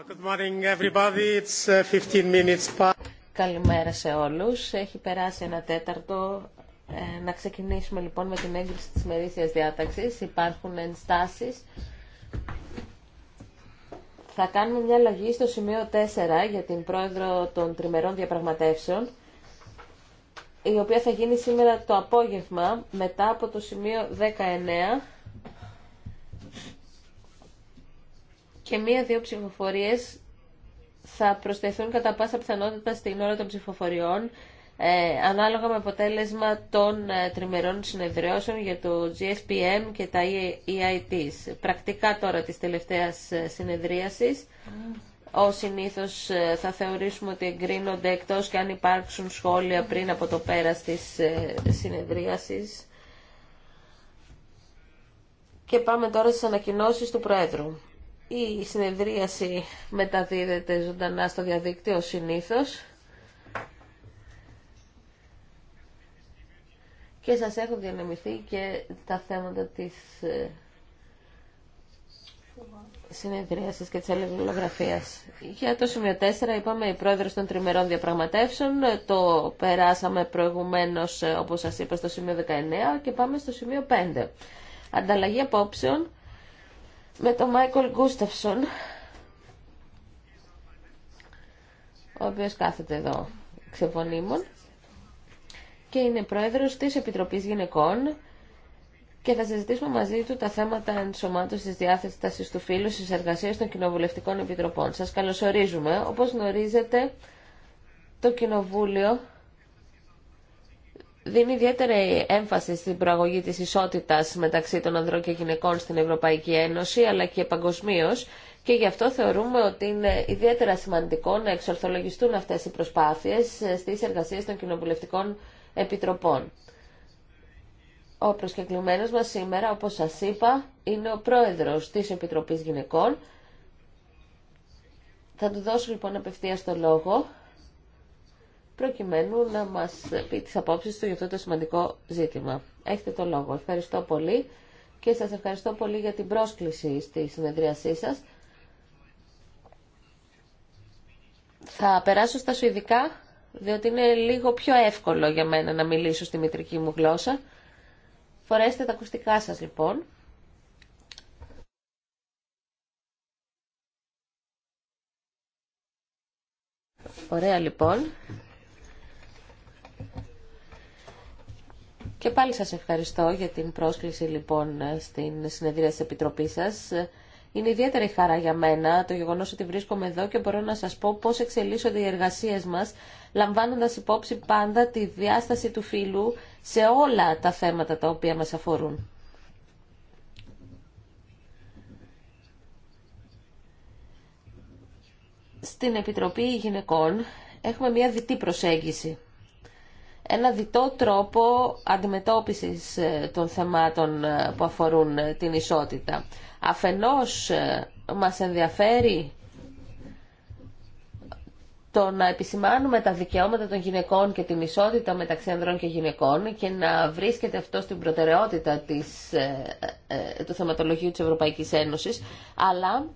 Uh, Καλημέρα σε όλους. Έχει περάσει ένα τέταρτο. Ε, να ξεκινήσουμε λοιπόν με την έγκριση της μερίσιας διάταξης. Υπάρχουν ενστάσεις. Θα κάνουμε μια αλλαγή στο σημείο 4 για την πρόεδρο των τριμερών διαπραγματεύσεων η οποία θα γίνει σήμερα το απόγευμα μετά από το σημείο 19 και μία-δύο ψηφοφορίες θα προσθεθούν κατά πάσα πιθανότητα στην ώρα των ψηφοφοριών ε, ανάλογα με αποτέλεσμα των ε, τριμερών συνεδριώσεων για το GSPM και τα EITs. Πρακτικά τώρα της τελευταίας ε, συνεδρίασης, ο συνήθως θα θεωρήσουμε ότι εγκρίνονται εκτός και αν υπάρξουν σχόλια πριν από το πέρας της ε, συνεδρίασης. Και πάμε τώρα στις ανακοινώσεις του Προέδρου. Η συνεδρίαση μεταδίδεται ζωντανά στο διαδίκτυο συνήθως. Και σας έχουν διανεμηθεί και τα θέματα της ε, συνεδρίασης και της αλληλογραφίας. Για το σημείο 4 είπαμε η πρόεδρος των τριμερών διαπραγματεύσεων. Το περάσαμε προηγουμένως ε, όπως σας είπα στο σημείο 19 και πάμε στο σημείο 5. Ανταλλαγή απόψεων με τον Μάικολ Γκούσταυσον, ο οποίος κάθεται εδώ ξεφωνήμων και είναι πρόεδρος της Επιτροπής Γυναικών και θα συζητήσουμε μαζί του τα θέματα ενσωμάτωσης τη διάθεση του φίλου στι εργασίε των κοινοβουλευτικών επιτροπών. Σα καλωσορίζουμε. Όπω γνωρίζετε, το Κοινοβούλιο δίνει ιδιαίτερη έμφαση στην προαγωγή της ισότητας μεταξύ των ανδρών και γυναικών στην Ευρωπαϊκή Ένωση αλλά και παγκοσμίω. Και γι' αυτό θεωρούμε ότι είναι ιδιαίτερα σημαντικό να εξορθολογιστούν αυτές οι προσπάθειες ε, στις εργασίες των κοινοβουλευτικών επιτροπών. Ο προσκεκλημένος μας σήμερα, όπως σας είπα, είναι ο πρόεδρος της Επιτροπής Γυναικών. Θα του δώσω λοιπόν απευθείας το λόγο προκειμένου να μας πει τις απόψεις του για αυτό το σημαντικό ζήτημα. Έχετε το λόγο. Ευχαριστώ πολύ και σας ευχαριστώ πολύ για την πρόσκληση στη συνεδρίασή σας. Θα περάσω στα σουηδικά, διότι είναι λίγο πιο εύκολο για μένα να μιλήσω στη μητρική μου γλώσσα. Φορέστε τα ακουστικά σας λοιπόν. Ωραία λοιπόν. Και πάλι σας ευχαριστώ για την πρόσκληση λοιπόν στην συνεδρία της Επιτροπής σας. Είναι ιδιαίτερη χαρά για μένα το γεγονός ότι βρίσκομαι εδώ και μπορώ να σας πω πώς εξελίσσονται οι εργασίες μας, λαμβάνοντας υπόψη πάντα τη διάσταση του φύλου σε όλα τα θέματα τα οποία μας αφορούν. Στην Επιτροπή Γυναικών έχουμε μια διτή προσέγγιση ένα διτό τρόπο αντιμετώπισης ε, των θεμάτων ε, που αφορούν ε, την ισότητα. Αφενός μας ενδιαφέρει το να επισημάνουμε τα δικαιώματα των γυναικών και την ισότητα μεταξύ ανδρών και γυναικών και να βρίσκεται αυτό στην προτεραιότητα της, του θεματολογίου της Ευρωπαϊκής Ένωσης, αλλά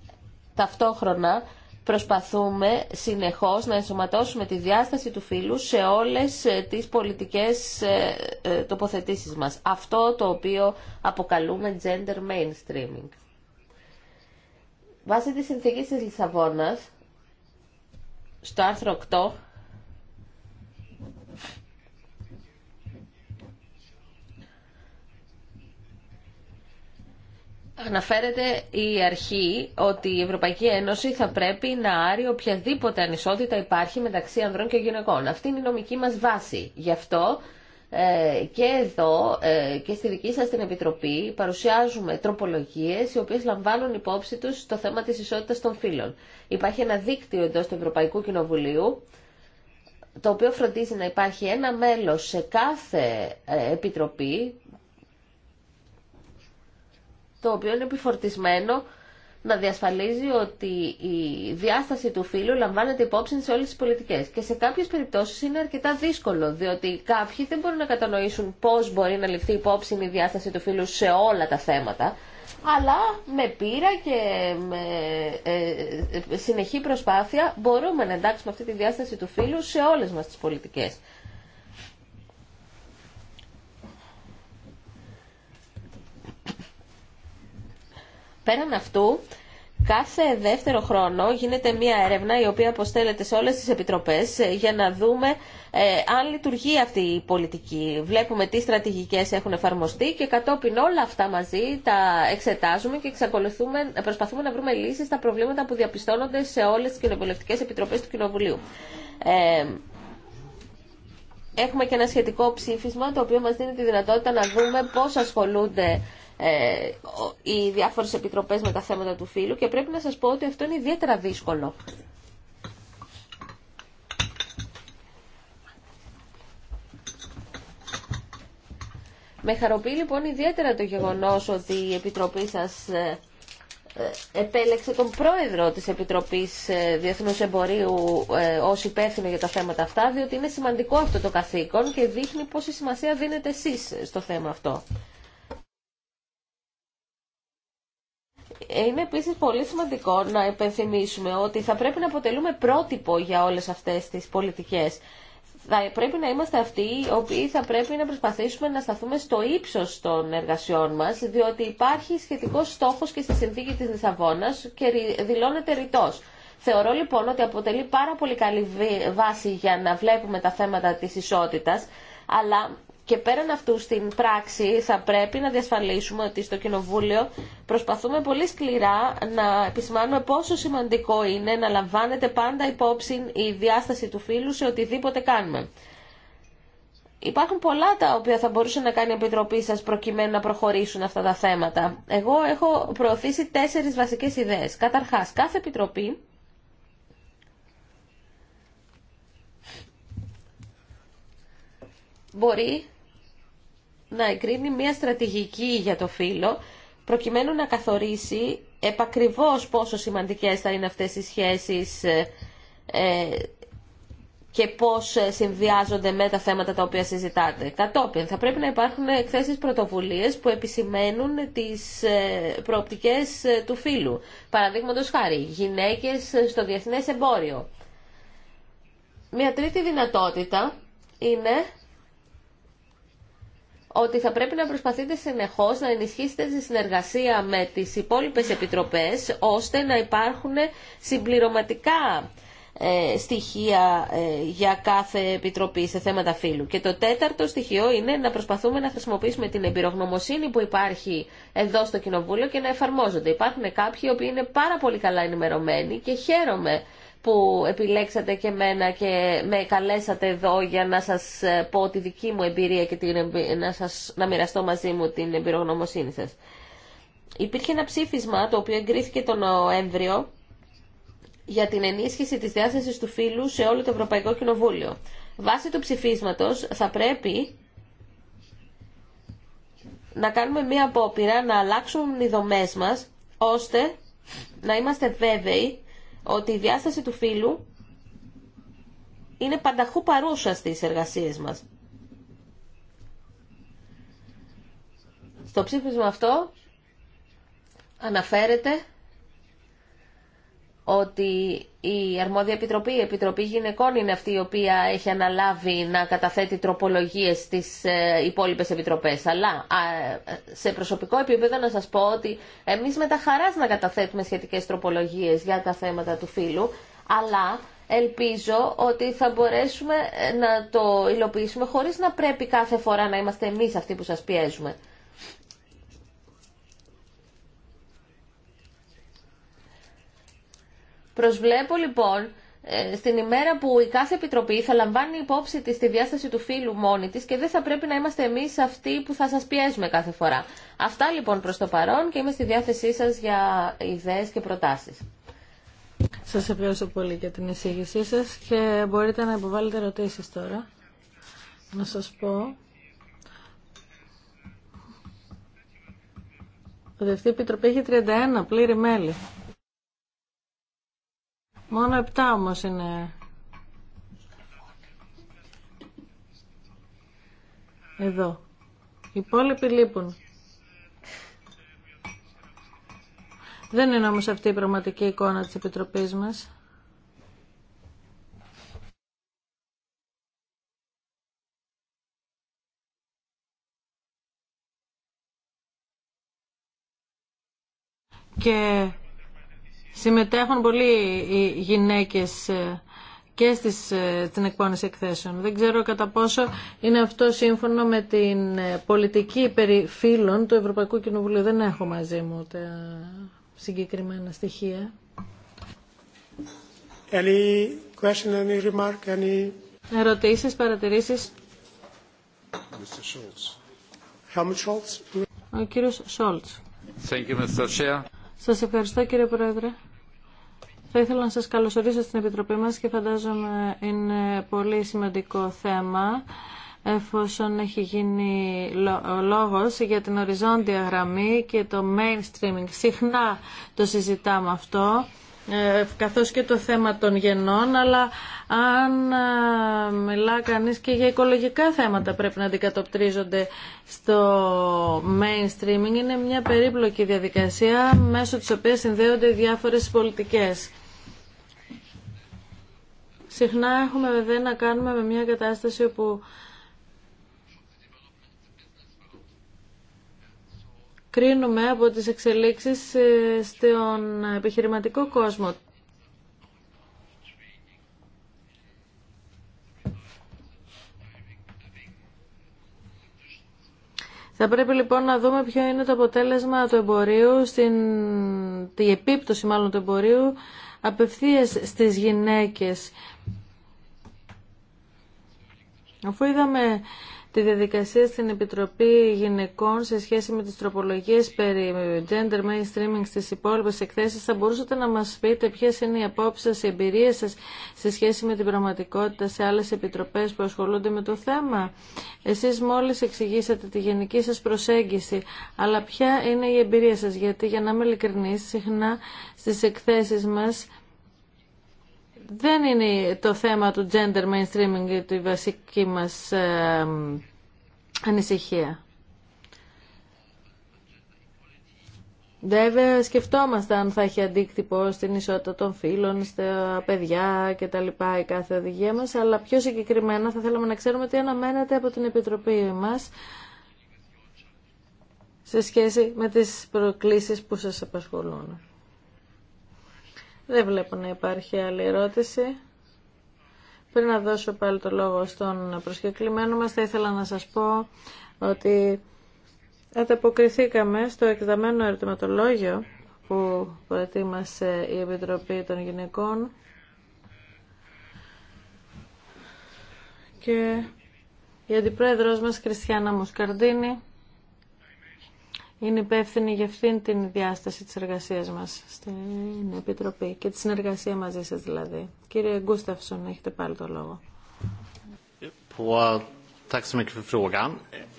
ταυτόχρονα προσπαθούμε συνεχώς να ενσωματώσουμε τη διάσταση του φίλου σε όλες ε, τις πολιτικές ε, ε, τοποθετήσεις μας. Αυτό το οποίο αποκαλούμε gender mainstreaming. Βάσει τη συνθηκή της Λισαβόνας, στο άρθρο 8 αναφέρεται η αρχή ότι η Ευρωπαϊκή Ένωση θα πρέπει να άρει οποιαδήποτε ανισότητα υπάρχει μεταξύ ανδρών και γυναικών. Αυτή είναι η νομική μας βάση. Γι' αυτό ε, και εδώ ε, και στη δική σας την Επιτροπή παρουσιάζουμε τροπολογίες οι οποίες λαμβάνουν υπόψη τους το θέμα της ισότητας των φύλων. Υπάρχει ένα δίκτυο εντός του Ευρωπαϊκού Κοινοβουλίου το οποίο φροντίζει να υπάρχει ένα μέλος σε κάθε ε, επιτροπή το οποίο είναι επιφορτισμένο να διασφαλίζει ότι η διάσταση του φύλου λαμβάνεται υπόψη σε όλες τις πολιτικές. Και σε κάποιες περιπτώσεις είναι αρκετά δύσκολο, διότι κάποιοι δεν μπορούν να κατανοήσουν πώς μπορεί να ληφθεί υπόψη η διάσταση του φύλου σε όλα τα θέματα, αλλά με πείρα και με ε, ε, συνεχή προσπάθεια μπορούμε να εντάξουμε αυτή τη διάσταση του φύλου σε όλες μας τις πολιτικές. Πέραν αυτού, κάθε δεύτερο χρόνο γίνεται μία έρευνα η οποία αποστέλλεται σε όλες τις επιτροπές ε, για να δούμε ε, αν λειτουργεί αυτή η πολιτική. Βλέπουμε τι στρατηγικές έχουν εφαρμοστεί και κατόπιν όλα αυτά μαζί τα εξετάζουμε και εξακολουθούμε, προσπαθούμε να βρούμε λύσεις στα προβλήματα που διαπιστώνονται σε όλες τις κοινοβουλευτικές επιτροπές του Κοινοβουλίου. Ε, Έχουμε και ένα σχετικό ψήφισμα το οποίο μας δίνει τη δυνατότητα να δούμε πώς ασχολούνται ε, οι διάφορες επιτροπές με τα θέματα του φύλου και πρέπει να σας πω ότι αυτό είναι ιδιαίτερα δύσκολο. Με χαροποιεί λοιπόν ιδιαίτερα το γεγονός ότι η Επιτροπή σας ε, ε, επέλεξε τον πρόεδρο της Επιτροπής Διεθνούς Εμπορίου ως υπεύθυνο για τα θέματα αυτά, διότι είναι σημαντικό αυτό το καθήκον και δείχνει πόση σημασία δίνετε εσείς στο θέμα αυτό. Είναι επίση πολύ σημαντικό να υπενθυμίσουμε ότι θα πρέπει να αποτελούμε πρότυπο για όλες αυτές τις πολιτικές. Θα πρέπει να είμαστε αυτοί οι οποίοι θα πρέπει να προσπαθήσουμε να σταθούμε στο ύψο των εργασιών μας, διότι υπάρχει σχετικό στόχος και στη συνθήκη τη Λισαβόνα και δηλώνεται ρητός. Θεωρώ λοιπόν ότι αποτελεί πάρα πολύ καλή βάση για να βλέπουμε τα θέματα τη ισότητα, αλλά και πέραν αυτού στην πράξη θα πρέπει να διασφαλίσουμε ότι στο Κοινοβούλιο προσπαθούμε πολύ σκληρά να επισημάνουμε πόσο σημαντικό είναι να λαμβάνεται πάντα υπόψη η διάσταση του φύλου σε οτιδήποτε κάνουμε. Υπάρχουν πολλά τα οποία θα μπορούσε να κάνει η Επιτροπή σας προκειμένου να προχωρήσουν αυτά τα θέματα. Εγώ έχω προωθήσει τέσσερις βασικές ιδέες. Καταρχάς, κάθε Επιτροπή μπορεί να εγκρίνει μια στρατηγική για το φύλλο, προκειμένου να καθορίσει επακριβώς πόσο σημαντικές θα είναι αυτές οι σχέσεις ε, ε, και πώς συνδυάζονται με τα θέματα τα οποία συζητάτε. Κατόπιν, θα πρέπει να υπάρχουν εκθέσεις πρωτοβουλίες που επισημαίνουν τις ε, προοπτικές ε, του φύλου. Παραδείγματος χάρη, γυναίκες στο διεθνές εμπόριο. Μια τρίτη δυνατότητα είναι ότι θα πρέπει να προσπαθείτε συνεχώς να ενισχύσετε τη συνεργασία με τις υπόλοιπες επιτροπές ώστε να υπάρχουν συμπληρωματικά ε, στοιχεία ε, για κάθε επιτροπή σε θέματα φύλου. Και το τέταρτο στοιχείο είναι να προσπαθούμε να χρησιμοποιήσουμε την εμπειρογνωμοσύνη που υπάρχει εδώ στο Κοινοβούλιο και να εφαρμόζονται. Υπάρχουν κάποιοι οι οποίοι είναι πάρα πολύ καλά ενημερωμένοι και χαίρομαι που επιλέξατε και μένα και με καλέσατε εδώ για να σας ε, πω τη δική μου εμπειρία και την να, σας, να μοιραστώ μαζί μου την εμπειρογνωμοσύνη σας. Υπήρχε ένα ψήφισμα το οποίο εγκρίθηκε τον Νοέμβριο για την ενίσχυση της διάσταση του φύλου σε όλο το Ευρωπαϊκό Κοινοβούλιο. Βάσει του ψηφίσματος θα πρέπει να κάνουμε μία απόπειρα να αλλάξουν οι δομές μας ώστε να είμαστε βέβαιοι ότι η διάσταση του φύλου είναι πανταχού παρούσα στις εργασίες μας. Στο ψήφισμα αυτό αναφέρεται ότι η αρμόδια επιτροπή, η Επιτροπή Γυναικών είναι αυτή η οποία έχει αναλάβει να καταθέτει τροπολογίες στις ε, υπόλοιπες επιτροπές. Αλλά σε προσωπικό επίπεδο να σας πω ότι εμείς με τα χαράς να καταθέτουμε σχετικές τροπολογίες για τα θέματα του φύλου, αλλά ελπίζω ότι θα μπορέσουμε ε, να το υλοποιήσουμε χωρίς να πρέπει κάθε φορά να είμαστε εμείς αυτοί που σας πιέζουμε. Προσβλέπω λοιπόν ε, στην ημέρα που η κάθε επιτροπή θα λαμβάνει υπόψη τη τη διάσταση του φίλου μόνη τη και δεν θα πρέπει να είμαστε εμείς αυτοί που θα σας πιέζουμε κάθε φορά. Αυτά λοιπόν προς το παρόν και είμαι στη διάθεσή σας για ιδέες και προτάσεις. Σας ευχαριστώ πολύ για την εισήγησή σας και μπορείτε να υποβάλλετε ερωτήσει τώρα. Να σα πω Δευτή επιτροπή έχει 31 πλήρη μέλη. Μόνο 7 όμως είναι εδώ. Οι υπόλοιποι λείπουν. Δεν είναι όμως αυτή η πραγματική εικόνα της Επιτροπής μας. Και Συμμετέχουν πολλοί οι γυναίκες ε, και στις, ε, στην εκπόνηση εκθέσεων. Δεν ξέρω κατά πόσο είναι αυτό σύμφωνο με την ε, πολιτική περί του Ευρωπαϊκού Κοινοβουλίου. Δεν έχω μαζί μου τα συγκεκριμένα στοιχεία. Any question, any remark, any... Ερωτήσεις, παρατηρήσεις. Ο κύριος Σόλτς. Thank you, Mr. Σας ευχαριστώ κύριε Πρόεδρε. Θα ήθελα να σας καλωσορίσω στην Επιτροπή μας και φαντάζομαι είναι πολύ σημαντικό θέμα εφόσον έχει γίνει λόγος για την οριζόντια γραμμή και το mainstreaming. Συχνά το συζητάμε αυτό ε, καθώς και το θέμα των γενών, αλλά αν ε, μιλά κανείς και για οικολογικά θέματα πρέπει να αντικατοπτρίζονται στο mainstreaming. Είναι μια περίπλοκη διαδικασία μέσω της οποίας συνδέονται διάφορες πολιτικές. Συχνά έχουμε βέβαια να κάνουμε με μια κατάσταση όπου κρίνουμε από τις εξελίξεις ε, στον επιχειρηματικό κόσμο. Θα πρέπει λοιπόν να δούμε ποιο είναι το αποτέλεσμα του εμπορίου, στην... επίπτωση μάλλον του εμπορίου απευθείας στις γυναίκες. Αφού είδαμε τη διαδικασία στην Επιτροπή Γυναικών σε σχέση με τις τροπολογίες περί gender mainstreaming στις υπόλοιπες εκθέσεις. Θα μπορούσατε να μας πείτε ποιες είναι οι απόψεις σας, οι εμπειρίες σας σε σχέση με την πραγματικότητα σε άλλες επιτροπές που ασχολούνται με το θέμα. Εσείς μόλις εξηγήσατε τη γενική σας προσέγγιση, αλλά ποια είναι η εμπειρία σας, γιατί για να είμαι ειλικρινής, συχνά στις εκθέσεις μας δεν είναι το θέμα του gender mainstreaming τη βασική μας ε, ανησυχία. Βέβαια σκεφτόμαστε αν θα έχει αντίκτυπο στην ισότητα των φίλων, στα παιδιά και τα λοιπά η κάθε οδηγία μας, αλλά πιο συγκεκριμένα θα θέλαμε να ξέρουμε τι αναμένεται από την Επιτροπή μας σε σχέση με τις προκλήσεις που σας απασχολούν. Δεν βλέπω να υπάρχει άλλη ερώτηση. Πριν να δώσω πάλι το λόγο στον προσκεκλημένο μας, θα ήθελα να σας πω ότι ανταποκριθήκαμε στο εκδαμένο ερωτηματολόγιο που προετοίμασε η Επιτροπή των Γυναικών και η Αντιπρόεδρος μας Χριστιάνα Μουσκαρδίνη είναι υπεύθυνη για αυτήν την διάσταση της εργασίας μας στην Επιτροπή και τη συνεργασία μαζί σας δηλαδή. Κύριε Γκούσταυσον, έχετε πάλι το λόγο.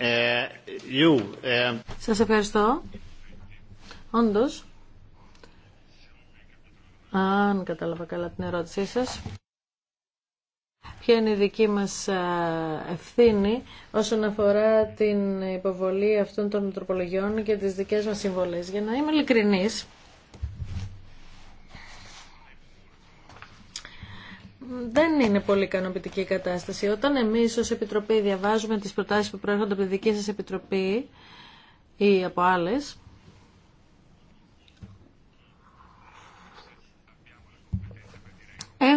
Eh, eh, σας ευχαριστώ. Όντως, αν κατάλαβα καλά την ερώτησή σας ποια είναι η δική μας ευθύνη όσον αφορά την υποβολή αυτών των τροπολογιών και τις δικές μας συμβολές. Για να είμαι ειλικρινής, δεν είναι πολύ ικανοποιητική η κατάσταση. Όταν εμείς ως Επιτροπή διαβάζουμε τις προτάσεις που προέρχονται από τη δική σας Επιτροπή ή από άλλες,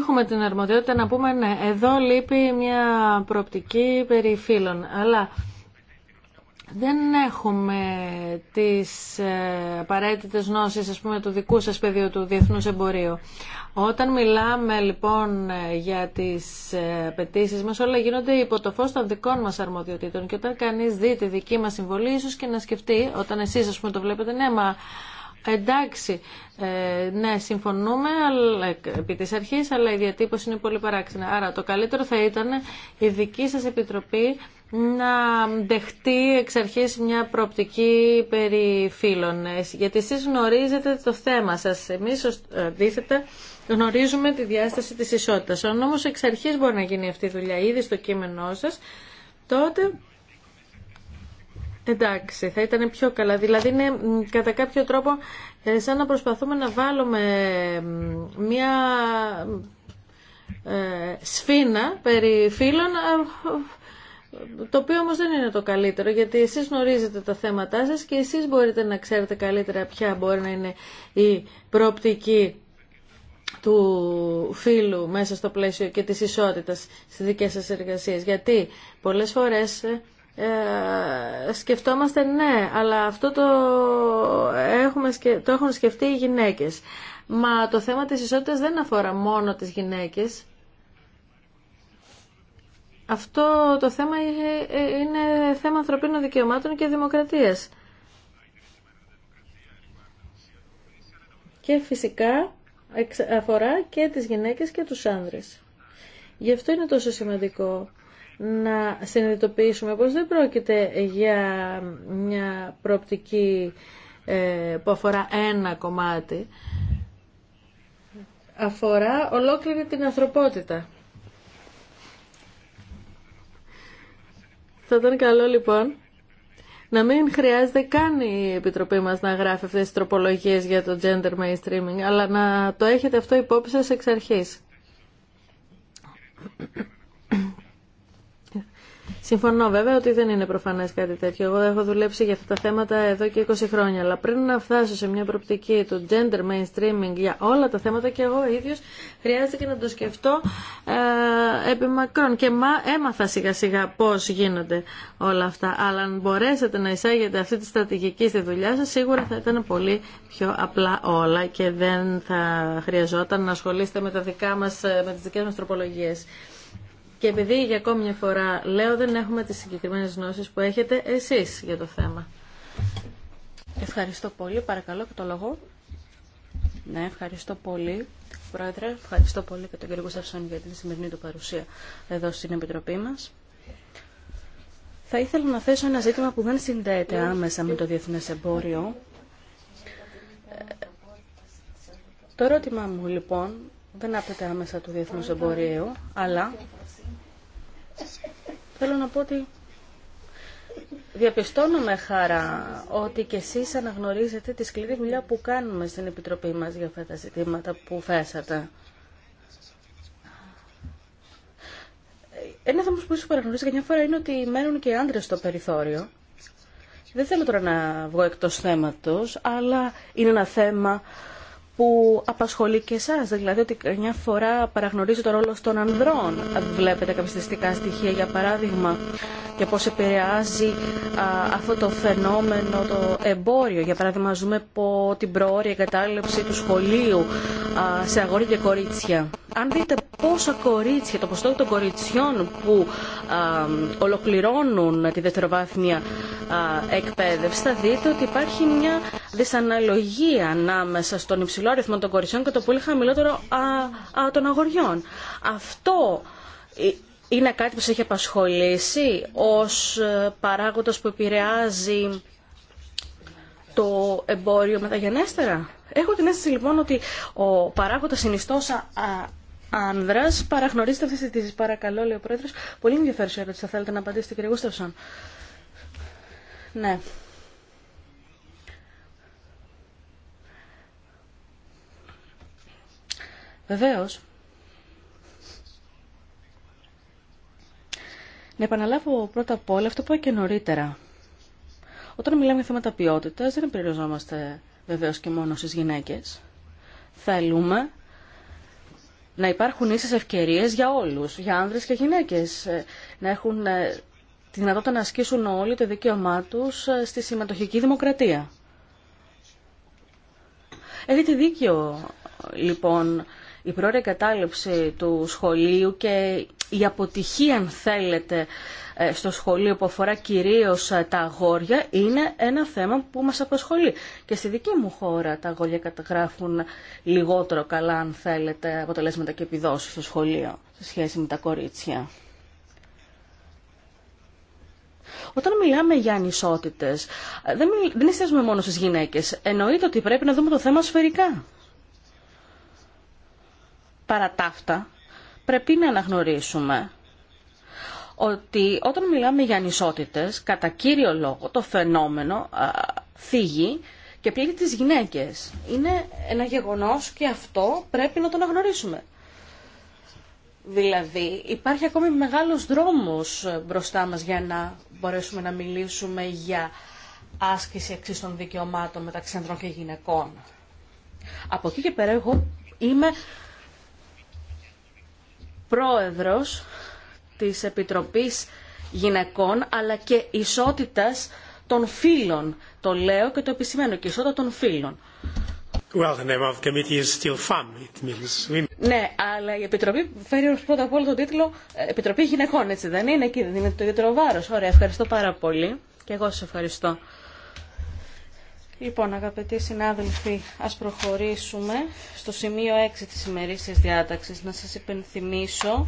έχουμε την αρμοδιότητα να πούμε ναι, εδώ λείπει μια προοπτική περί φύλων, αλλά δεν έχουμε τις ε, απαραίτητε γνώσεις ας πούμε, του δικού σας πεδίου του διεθνούς εμπορίου. Όταν μιλάμε λοιπόν ε, για τις ε, απαιτήσει μας όλα γίνονται υπό το φως των δικών μας αρμοδιοτήτων και όταν κανείς δει τη δική μας συμβολή ίσως και να σκεφτεί όταν εσείς ας πούμε, το βλέπετε ναι μα Εντάξει, ε, ναι, συμφωνούμε αλλά, επί της αρχής, αλλά η διατύπωση είναι πολύ παράξενη. Άρα το καλύτερο θα ήταν η δική σας επιτροπή να δεχτεί εξ αρχής μια προοπτική περί φύλων. Γιατί εσείς γνωρίζετε το θέμα σας. Εμείς ε, αντίθετα γνωρίζουμε τη διάσταση της ισότητας. Αν όμως εξ αρχής μπορεί να γίνει αυτή η δουλειά ήδη στο κείμενό σας, τότε εντάξει, θα ήταν πιο καλά. Δηλαδή είναι κατά κάποιο τρόπο ε, σαν να προσπαθούμε να βάλουμε μια ε, σφίνα περί φύλων, το οποίο όμως δεν είναι το καλύτερο, γιατί εσείς γνωρίζετε τα θέματά σας και εσείς μπορείτε να ξέρετε καλύτερα ποια μπορεί να είναι η προοπτική του φίλου μέσα στο πλαίσιο και της ισότητας στις δικές σας εργασίες. Γιατί πολλές φορές ε, ε, σκεφτόμαστε ναι, αλλά αυτό το, έχουμε, το έχουν σκεφτεί οι γυναίκες. Μα το θέμα της ισότητας δεν αφορά μόνο τις γυναίκες. Αυτό το θέμα είναι θέμα ανθρωπίνων δικαιωμάτων και δημοκρατίας. Και φυσικά αφορά και τις γυναίκες και τους άνδρες. Γι' αυτό είναι τόσο σημαντικό να συνειδητοποιήσουμε πως δεν πρόκειται για μια προοπτική ε, που αφορά ένα κομμάτι. Αφορά ολόκληρη την ανθρωπότητα. Θα ήταν καλό λοιπόν να μην χρειάζεται καν η Επιτροπή μας να γράφει αυτές τις τροπολογίες για το gender mainstreaming, αλλά να το έχετε αυτό υπόψη σας εξ αρχής. Συμφωνώ βέβαια ότι δεν είναι προφανέ κάτι τέτοιο. Εγώ έχω δουλέψει για αυτά τα θέματα εδώ και 20 χρόνια. Αλλά πριν να φτάσω σε μια προπτική του gender mainstreaming για όλα τα θέματα και εγώ ίδιο χρειάζεται να το σκεφτώ ε, επί μακρόν. Και μα, έμαθα σιγά σιγά πώ γίνονται όλα αυτά. Αλλά αν μπορέσετε να εισάγετε αυτή τη στρατηγική στη δουλειά σα, σίγουρα θα ήταν πολύ πιο απλά όλα και δεν θα χρειαζόταν να ασχολείστε με, τα δικά μας, ε, με τις δικές μας τροπολογίες. Και επειδή για ακόμη μια φορά λέω δεν έχουμε τις συγκεκριμένες γνώσεις που έχετε εσείς για το θέμα. Ευχαριστώ πολύ. Παρακαλώ και το λόγο. Ναι, ευχαριστώ πολύ. Πρόεδρε, ευχαριστώ πολύ και τον κύριο Κουσαυσόν για την σημερινή του παρουσία εδώ στην Επιτροπή μας. Θα ήθελα να θέσω ένα ζήτημα που δεν συνδέεται άμεσα με το διεθνές εμπόριο. Ε, το ερώτημά μου λοιπόν δεν άπτεται άμεσα του διεθνούς εμπορίου, αλλά θέλω να πω ότι διαπιστώνω με χαρά ότι και εσείς αναγνωρίζετε τη σκληρή δουλειά που κάνουμε στην Επιτροπή μας για αυτά τα ζητήματα που θέσατε. Ένα θέμα που ίσω παραγνωρίζετε καμιά φορά είναι ότι μένουν και οι άντρε στο περιθώριο. Δεν θέλω τώρα να βγω εκτός θέματος, αλλά είναι ένα θέμα που απασχολεί και εσά, δηλαδή ότι μια φορά παραγνωρίζει το ρόλο των ανδρών. Βλέπετε κάποια στοιχεία, για παράδειγμα, και πώς επηρεάζει α, αυτό το φαινόμενο το εμπόριο. Για παράδειγμα, ζούμε από την προώρια εγκατάλειψη του σχολείου α, σε αγόρια και κορίτσια. Αν δείτε πόσα κορίτσια, το ποσοστό των κοριτσιών που ολοκληρώνουν τη δευτεροβάθμια α, εκπαίδευση, θα δείτε ότι υπάρχει μια δυσαναλογία ανάμεσα στον υψηλό αριθμό των κοριτσιών και το πολύ χαμηλότερο α, των αγοριών. Αυτό είναι κάτι που σε έχει απασχολήσει ως ε, παράγοντας που επηρεάζει το εμπόριο μεταγενέστερα. Έχω την αίσθηση λοιπόν ότι ο παράγοντας συνιστός άνδρας. Παραγνωρίστε αυτές τις παρακαλώ, λέει ο Πρόεδρος. Πολύ ενδιαφέρουσα ερώτηση, θα θέλετε να απαντήσετε, κύριε Γούστευσον. Ναι. Βεβαίως. Να επαναλάβω πρώτα απ' όλα αυτό που είπα και νωρίτερα. Όταν μιλάμε για θέματα ποιότητας, δεν περιοριζόμαστε βεβαίως και μόνο στις γυναίκες. Θέλουμε να υπάρχουν ίσες ευκαιρίες για όλους, για άνδρες και γυναίκες, ε, να έχουν ε, τη δυνατότητα να ασκήσουν όλοι το δικαίωμά τους ε, στη συμμετοχική δημοκρατία. Έχετε δίκιο, λοιπόν, η πρόορια κατάληψη του σχολείου και η αποτυχία, αν θέλετε, ε, στο σχολείο που αφορά κυρίως ε, τα αγόρια είναι ένα θέμα που μας απασχολεί. Και στη δική μου χώρα τα αγόρια καταγράφουν λιγότερο καλά, αν θέλετε, αποτελέσματα και επιδόσεις στο σχολείο σε σχέση με τα κορίτσια. Όταν μιλάμε για ανισότητες, ε, δεν, μιλ... δεν μόνο στις γυναίκες. Εννοείται ότι πρέπει να δούμε το θέμα σφαιρικά. Παρά πρέπει να αναγνωρίσουμε ότι όταν μιλάμε για ανισότητες, κατά κύριο λόγο το φαινόμενο α, και πλήττει τις γυναίκες. Είναι ένα γεγονός και αυτό πρέπει να το αναγνωρίσουμε. Δηλαδή υπάρχει ακόμη μεγάλος δρόμος ε, μπροστά μας για να μπορέσουμε να μιλήσουμε για άσκηση των δικαιωμάτων μεταξύ ανδρών και γυναικών. Από εκεί και πέρα εγώ είμαι πρόεδρος της Επιτροπής Γυναικών αλλά και ισότητας των Φίλων. Το λέω και το επισημαίνω και ισότητα των Φίλων. Well, the name of the committee is still It means... Ναι, αλλά η Επιτροπή φέρει πρώτα απ' όλο τον τίτλο ε, Επιτροπή Γυναικών, έτσι δεν είναι, εκεί δίνεται το ιδιαίτερο βάρος. Ωραία, ευχαριστώ πάρα πολύ και εγώ σας ευχαριστώ. Λοιπόν, αγαπητοί συνάδελφοι, ας προχωρήσουμε στο σημείο 6 της ημερήσιας διάταξης. Να σας υπενθυμίσω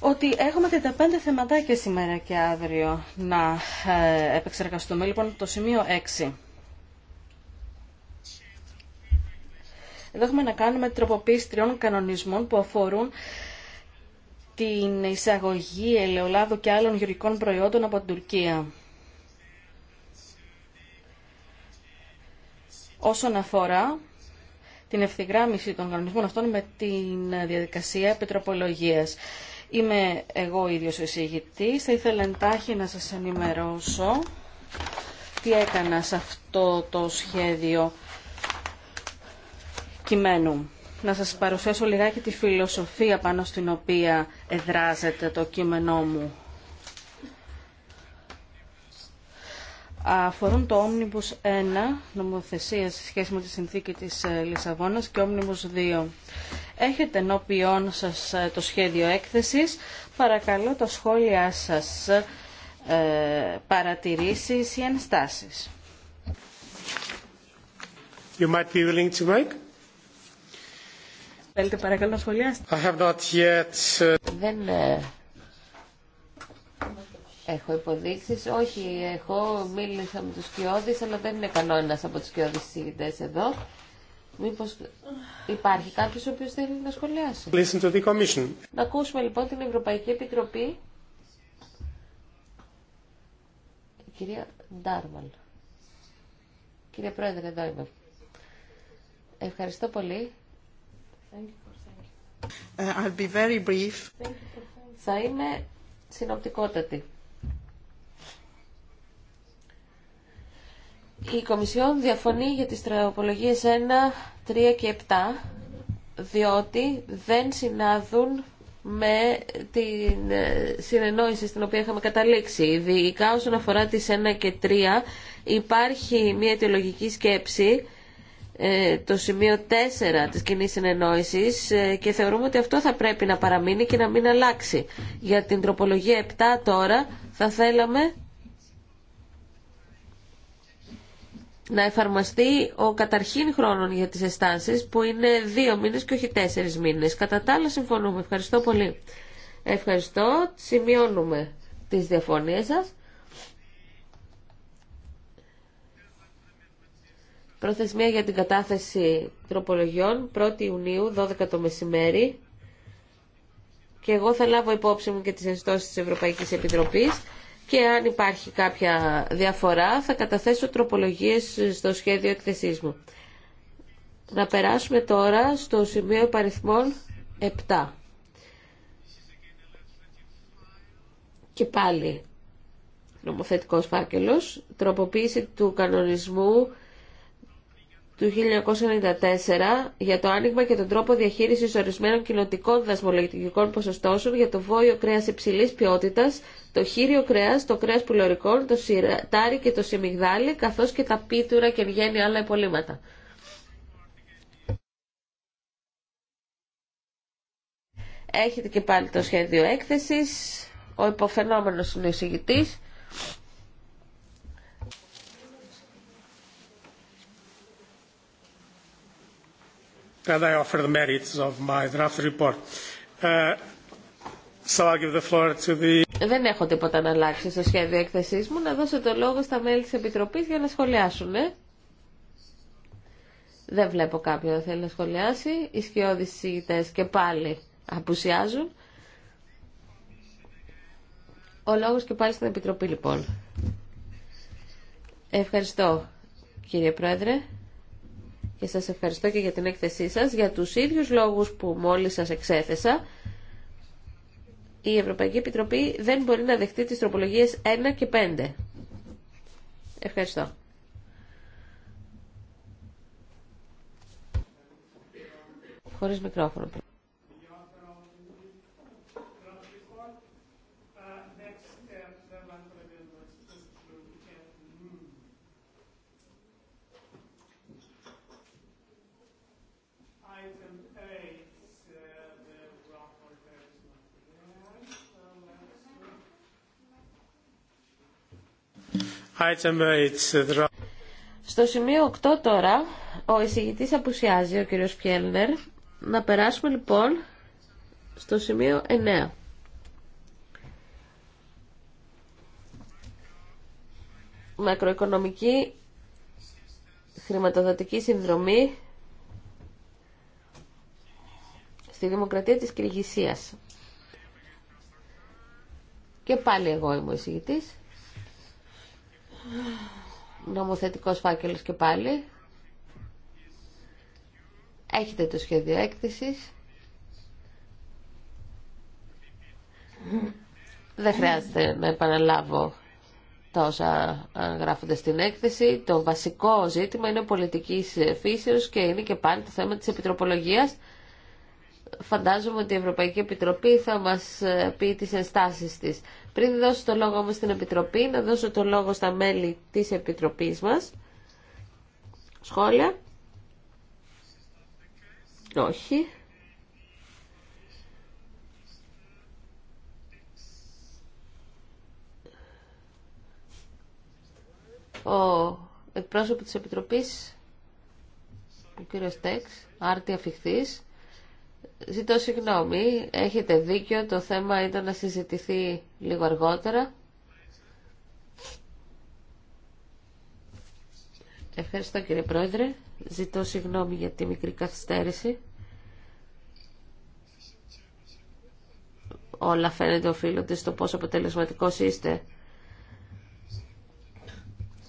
ότι έχουμε τα πέντε θεματάκια σήμερα και αύριο να ε, επεξεργαστούμε. Λοιπόν, το σημείο 6. Εδώ έχουμε να κάνουμε τροποποίηση τριών κανονισμών που αφορούν την εισαγωγή ελαιολάδου και άλλων γεωργικών προϊόντων από την Τουρκία. Όσον αφορά την ευθυγράμμιση των κανονισμών αυτών με την διαδικασία επιτροπολογίας. Είμαι εγώ ίδιος ο εισηγητής. Θα ήθελα εντάχει να σας ενημερώσω τι έκανα σε αυτό το σχέδιο κειμένου να σας παρουσιάσω λιγάκι τη φιλοσοφία πάνω στην οποία εδράζεται το κείμενό μου. Αφορούν το Omnibus 1, νομοθεσία σε σχέση με τη συνθήκη της ε, Λισαβόνας και Omnibus 2. Έχετε ενώπιόν σας ε, το σχέδιο έκθεσης. Παρακαλώ τα σχόλιά σας, ε, παρατηρήσεις ή ενστάσεις. You might be willing to Θέλετε παρακαλώ να σχολιάσετε. I have not yet... Uh, δεν ε, έχω υποδείξει. Όχι, έχω μίλησα με τους κοιόδης, αλλά δεν είναι κανόνας από τους κοιόδης συζητητέ εδώ. Μήπως υπάρχει κάποιος ο οποίος θέλει να σχολιάσει. Listen to the commission. Να ακούσουμε λοιπόν την Ευρωπαϊκή Επιτροπή. κυρία Ντάρμαλ. Κύριε Πρόεδρε, εδώ είμαι. Ευχαριστώ πολύ. Uh, I'll be very brief. Θα είμαι συνοπτικότατη. Η Κομισιόν διαφωνεί για τις τραυπολογίες 1, 3 και 7 διότι δεν συνάδουν με την ε, συνεννόηση στην οποία είχαμε καταλήξει. Ειδικά όσον αφορά τις 1 και 3 υπάρχει μια αιτιολογική σκέψη ε, το σημείο 4 της κοινή συνεννόησης ε, και θεωρούμε ότι αυτό θα πρέπει να παραμείνει και να μην αλλάξει. Για την τροπολογία 7 τώρα θα θέλαμε να εφαρμοστεί ο καταρχήν χρόνων για τις εστάσεις που είναι δύο μήνες και όχι τέσσερις μήνες. Κατά τα άλλα συμφωνούμε. Ευχαριστώ πολύ. Ευχαριστώ. Σημειώνουμε τις διαφωνίες σας. Προθεσμία για την κατάθεση τροπολογιών 1η Ιουνίου, 12 το μεσημέρι. Και εγώ θα λάβω υπόψη μου και τις ενστώσεις της Ευρωπαϊκής Επιτροπής και αν υπάρχει κάποια διαφορά θα καταθέσω τροπολογίες στο σχέδιο εκθεσής μου. Να περάσουμε τώρα στο σημείο υπαριθμών 7. Και πάλι νομοθετικός φάκελος, τροποποίηση του κανονισμού του 1994 για το άνοιγμα και τον τρόπο διαχείρισης ορισμένων κοινοτικών δασμολογικών ποσοστώσεων για το βόλιο κρέα υψηλή ποιότητα το χείριο κρέα, το κρέα πουλωρικών, το σιρτάρι και το σιμιγδάλι, καθώς και τα πίτουρα και βγαίνει άλλα υπολείμματα. Έχετε και πάλι το σχέδιο έκθεσης, ο υποφαινόμενος είναι ο εισηγητής. offer the merits of my draft report. Uh, Δεν έχω τίποτα να αλλάξει στο σχέδιο έκθεσή μου. Να δώσω το λόγο στα μέλη τη Επιτροπή για να σχολιάσουν. Ε. Δεν βλέπω κάποιον να θέλει να σχολιάσει. Οι σκιώδη συζητητέ και πάλι απουσιάζουν. Ο λόγος και πάλι στην Επιτροπή λοιπόν. Ευχαριστώ κύριε Πρόεδρε και σας ευχαριστώ και για την έκθεσή σας για τους ίδιους λόγους που μόλις σας εξέθεσα η Ευρωπαϊκή Επιτροπή δεν μπορεί να δεχτεί τις τροπολογίες 1 και 5 Ευχαριστώ Χωρίς μικρόφωνο Στο σημείο 8 τώρα, ο εισηγητής απουσιάζει, ο κύριος Πιέλνερ. Να περάσουμε λοιπόν στο σημείο 9. Μακροοικονομική χρηματοδοτική συνδρομή στη Δημοκρατία της Κυργυσίας. Και πάλι εγώ είμαι ο εισηγητής νομοθετικός φάκελος και πάλι. Έχετε το σχέδιο έκθεσης. Δεν χρειάζεται να επαναλάβω τα όσα ε, γράφονται στην έκθεση. Το βασικό ζήτημα είναι πολιτικής φύσεως και είναι και πάλι το θέμα της επιτροπολογίας φαντάζομαι ότι η Ευρωπαϊκή Επιτροπή θα μας ε, πει τις ενστάσεις της. Πριν δώσω το λόγο όμως στην Επιτροπή, να δώσω το λόγο στα μέλη της Επιτροπής μας. Σχόλια. Όχι. Ο εκπρόσωπος της Επιτροπής, ο κύριος Τέξ, άρτη αφιχθής. Ζητώ συγγνώμη, έχετε δίκιο, το θέμα ήταν να συζητηθεί λίγο αργότερα. Ευχαριστώ κύριε Πρόεδρε. Ζητώ συγγνώμη για τη μικρή καθυστέρηση. Όλα φαίνεται οφείλονται στο πόσο αποτελεσματικός είστε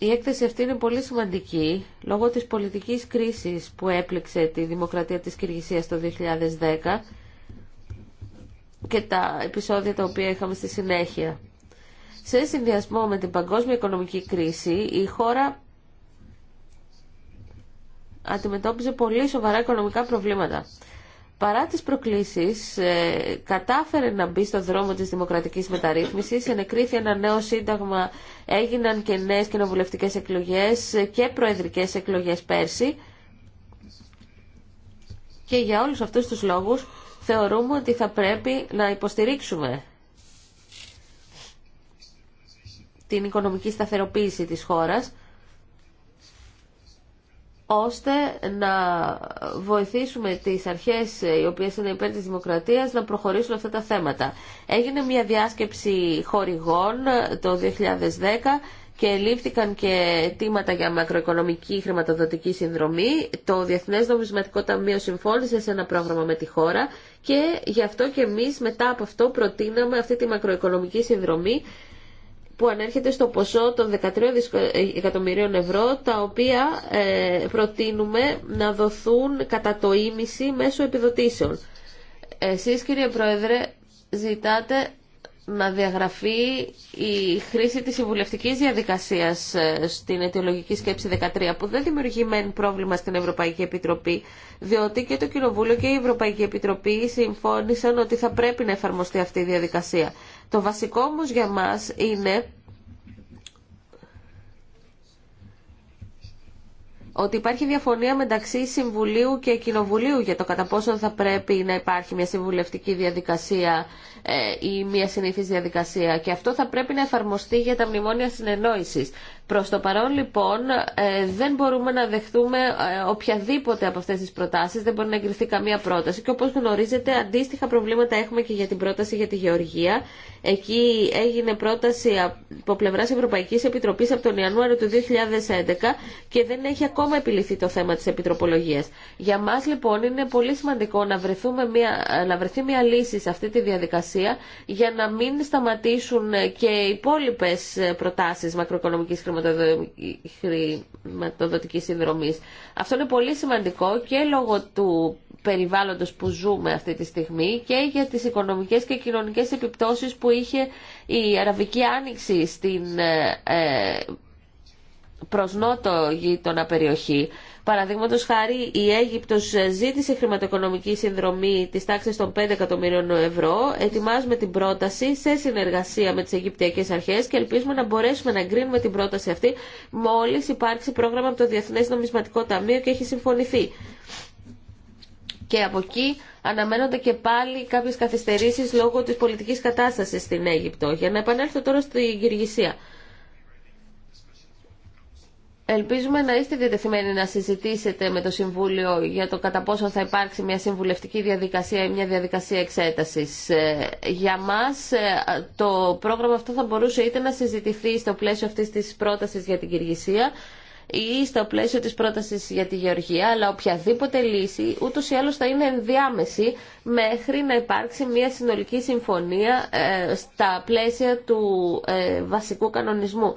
η έκθεση αυτή είναι πολύ σημαντική λόγω της πολιτικής κρίσης που έπληξε τη Δημοκρατία της Κυργισίας το 2010 και τα επεισόδια τα οποία είχαμε στη συνέχεια. Σε συνδυασμό με την παγκόσμια οικονομική κρίση, η χώρα αντιμετώπιζε πολύ σοβαρά οικονομικά προβλήματα παρά τις προκλήσεις, ε, κατάφερε να μπει στο δρόμο της δημοκρατικής μεταρρύθμισης, ενεκρίθη ένα νέο σύνταγμα, έγιναν και νέες κοινοβουλευτικέ εκλογές και προεδρικές εκλογές πέρσι. Και για όλους αυτούς τους λόγους θεωρούμε ότι θα πρέπει να υποστηρίξουμε την οικονομική σταθεροποίηση της χώρας, ώστε να βοηθήσουμε τις αρχές οι οποίες είναι υπέρ της δημοκρατίας να προχωρήσουν αυτά τα θέματα. Έγινε μια διάσκεψη χορηγών το 2010 και λήφθηκαν και αιτήματα για μακροοικονομική χρηματοδοτική συνδρομή. Το Διεθνές Νομισματικό Ταμείο συμφώνησε σε ένα πρόγραμμα με τη χώρα και γι' αυτό και εμείς μετά από αυτό προτείναμε αυτή τη μακροοικονομική συνδρομή που ανέρχεται στο ποσό των 13 εκατομμυρίων ευρώ τα οποία ε, προτείνουμε να δοθούν κατά το ίμιση μέσω επιδοτήσεων. Εσείς κύριε Πρόεδρε ζητάτε να διαγραφεί η χρήση της συμβουλευτικής διαδικασίας ε, στην αιτιολογική σκέψη 13 που δεν δημιουργεί μεν πρόβλημα στην Ευρωπαϊκή Επιτροπή διότι και το Κοινοβούλιο και η Ευρωπαϊκή Επιτροπή συμφώνησαν ότι θα πρέπει να εφαρμοστεί αυτή η διαδικασία. Το βασικό όμως για μας είναι ότι υπάρχει διαφωνία μεταξύ Συμβουλίου και Κοινοβουλίου για το κατά πόσο θα πρέπει να υπάρχει μια συμβουλευτική διαδικασία ε, ή μια συνήθις διαδικασία και αυτό θα πρέπει να εφαρμοστεί για τα μνημόνια συνεννόησης. Προς το παρόν λοιπόν ε, δεν μπορούμε να δεχτούμε ε, οποιαδήποτε από αυτές τις προτάσεις, δεν μπορεί να εγκριθεί καμία πρόταση και όπως γνωρίζετε αντίστοιχα προβλήματα έχουμε και για την πρόταση για τη Γεωργία. Εκεί έγινε πρόταση από πλευράς Ευρωπαϊκής Επιτροπής από τον Ιανουάριο του 2011 και δεν έχει ακόμα επιληθεί το θέμα της επιτροπολογίας. Για μας λοιπόν είναι πολύ σημαντικό να, βρεθούμε μια, να βρεθεί μια λύση σε αυτή τη διαδικασία για να μην σταματήσουν και οι υπόλοιπε ε, προτάσεις μακροοικονομικής χρηματοδότησης χρηματοδοτική συνδρομής. Αυτό είναι πολύ σημαντικό και λόγω του περιβάλλοντος που ζούμε αυτή τη στιγμή και για τις οικονομικές και κοινωνικές επιπτώσεις που είχε η Αραβική Άνοιξη στην ε, ε, προς νότο γείτονα περιοχή. Παραδείγματο χάρη, η Αίγυπτο ζήτησε χρηματοοικονομική συνδρομή τη τάξη των 5 εκατομμυρίων ευρώ. Ετοιμάζουμε την πρόταση σε συνεργασία με τι Αιγυπτιακέ Αρχέ και ελπίζουμε να μπορέσουμε να εγκρίνουμε την πρόταση αυτή μόλι υπάρξει πρόγραμμα από το Διεθνέ Νομισματικό Ταμείο και έχει συμφωνηθεί. Και από εκεί αναμένονται και πάλι κάποιε καθυστερήσει λόγω τη πολιτική κατάσταση στην Αίγυπτο. Για να επανέλθω τώρα στην Κυργυσία. Ελπίζουμε να είστε διατεθειμένοι να συζητήσετε με το Συμβούλιο για το κατά πόσο θα υπάρξει μια συμβουλευτική διαδικασία ή μια διαδικασία εξέτασης. Ε, για μας ε, το πρόγραμμα αυτό θα μπορούσε είτε να συζητηθεί στο πλαίσιο αυτής της πρότασης για την Κυργησία ή στο πλαίσιο της πρότασης για τη Γεωργία, αλλά οποιαδήποτε λύση ούτως ή άλλως θα είναι ενδιάμεση μέχρι να υπάρξει μια συνολική συμφωνία ε, στα πλαίσια του βασικού κανονισμού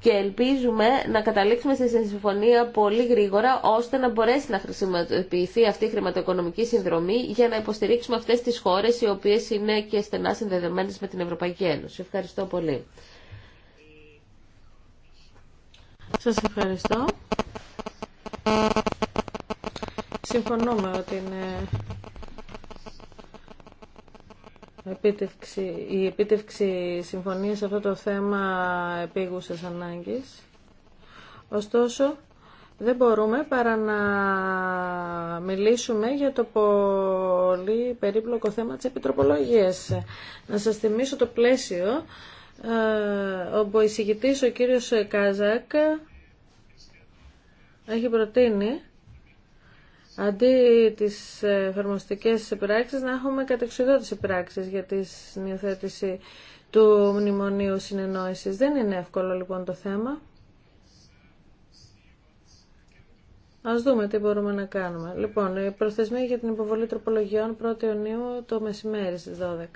και ελπίζουμε να καταλήξουμε σε συμφωνία πολύ γρήγορα ώστε να μπορέσει να χρησιμοποιηθεί αυτή η χρηματοοικονομική συνδρομή για να υποστηρίξουμε αυτές τις χώρες οι οποίες είναι και στενά συνδεδεμένες με την Ευρωπαϊκή Ένωση. Ευχαριστώ πολύ. Σας ευχαριστώ. Συμφωνούμε ότι είναι η επίτευξη συμφωνία σε αυτό το θέμα επίγουσες ανάγκης. Ωστόσο, δεν μπορούμε παρά να μιλήσουμε για το πολύ περίπλοκο θέμα της επιτροπολογίας. Να σας θυμίσω το πλαίσιο, ε, όπου ο εισηγητής, ο κύριος Κάζακ, έχει προτείνει αντί τις εφαρμοστικές πράξεις να έχουμε κατεξοδότηση πράξεις για τη συνειοθέτηση του Μνημονίου Συνεννόησης. Δεν είναι εύκολο λοιπόν το θέμα. Ας δούμε τι μπορούμε να κάνουμε. Λοιπόν, η προθεσμία για την υποβολή τροπολογιών 1η Ιουνίου το μεσημέρι στις 12.